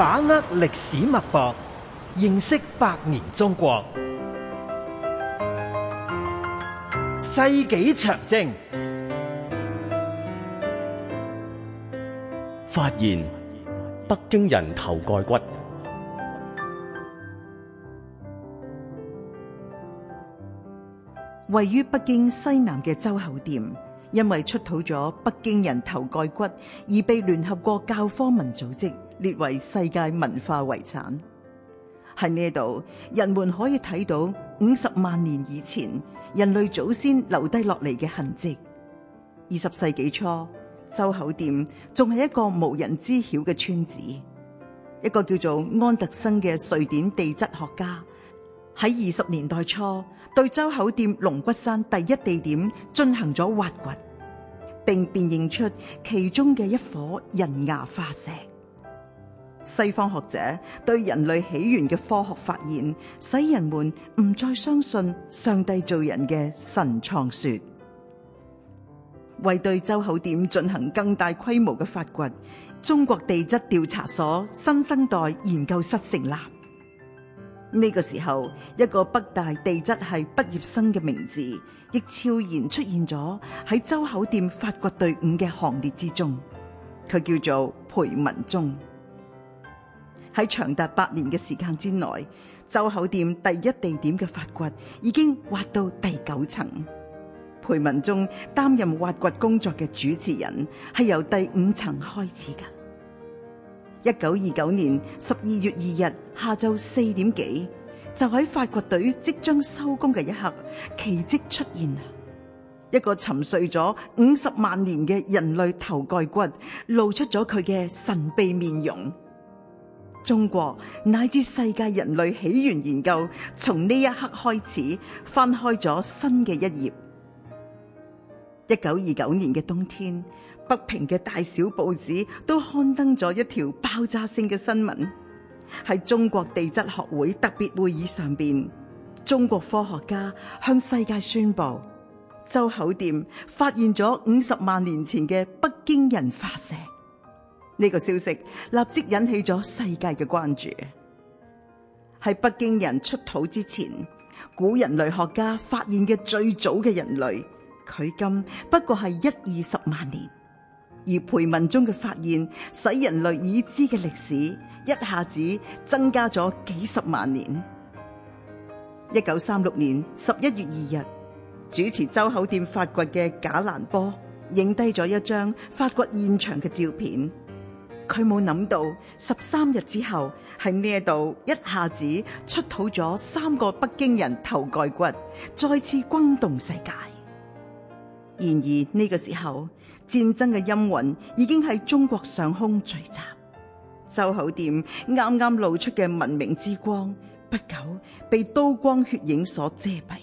把握歷史脈搏，認識百年中國。世紀長征發現北京人頭蓋骨，位於北京西南嘅周口店，因為出土咗北京人頭蓋骨而被聯合國教科文組織，列為世界文化遺產，喺呢度，人們可以睇到五十萬年以前人類祖先留低落嚟嘅痕跡。二十世紀初，周口店仲係一個無人知曉嘅村子。一個叫做安特生嘅瑞典地質學家喺二十年代初，對周口店龍骨山第一地點進行咗挖掘，並辨認出其中嘅一顆人牙化石。西方學者對人類起源嘅科學發現，使人們唔再相信上帝造人嘅神創說。為對周口店進行更大規模嘅發掘，中國地質調查所新生代研究室成立。呢個時候，一個北大地質系畢業生嘅名字，亦悄然出現咗喺周口店發掘隊伍嘅行列之中。佢叫做裴文中。喺長達八年嘅時間之內，周口店第一地點嘅發掘已經挖到第九層。裴文中擔任挖掘工作嘅主持人，係由第五層開始噶。一九二九年十二月二日下晝四點幾，就喺發掘隊即將收工嘅一刻，奇蹟出現啦！一個沉睡咗五十萬年嘅人類頭蓋骨，露出咗佢嘅神秘面容。中國乃至世界人類起源研究，從呢一刻開始翻開咗新嘅一頁。一九二九年嘅冬天，北平嘅大小報紙都刊登咗一條爆炸性嘅新聞，喺中國地質學會特別會議上邊，中國科學家向世界宣布：周口店發現咗五十萬年前嘅北京人化石。呢個消息立即引起咗世界嘅關注，喺北京人出土之前，古人類學家發現嘅最早嘅人類，距今不過係一二十萬年，而裴文中嘅發現使人類已知嘅歷史一下子增加咗幾十萬年。一九三六年十一月二日，主持周口店發掘嘅賈蘭波影低咗一張發掘現場嘅照片。佢冇諗到，十三日之後喺呢度一下子出土咗三個北京人頭蓋骨，再次轟動世界。然而呢個時候，戰爭嘅陰雲已經喺中國上空聚集，周口店啱啱露出嘅文明之光，不久被刀光血影所遮蔽。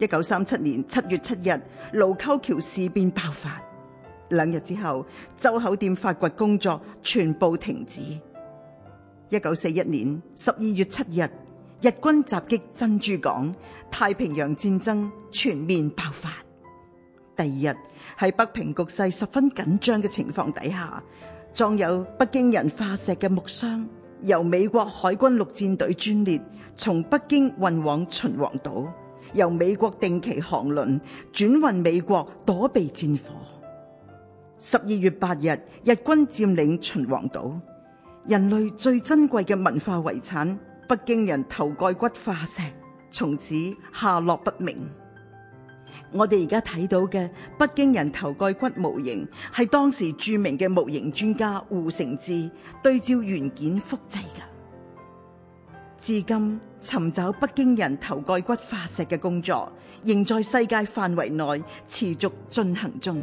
一九三七年七月七日，盧溝橋事變爆發。兩日之後，周口店發掘工作全部停止。一九四一年十二月七日，日軍襲擊珍珠港，太平洋戰爭全面爆發。第二日，喺北平局勢十分緊張嘅情況底下，裝有北京人化石嘅木箱，由美國海軍陸戰隊專列從北京運往秦皇島，由美國定期航輪轉運美國躲避戰火。十二月八日，日軍佔領秦皇島，人類最珍貴嘅文化遺產北京人頭蓋骨化石，從此下落不明。我哋而家睇到嘅北京人頭蓋骨模型，係當時著名嘅模型專家胡承志對照原件複製噶。至今尋找北京人頭蓋骨化石嘅工作，仍在世界範圍內持續進行中。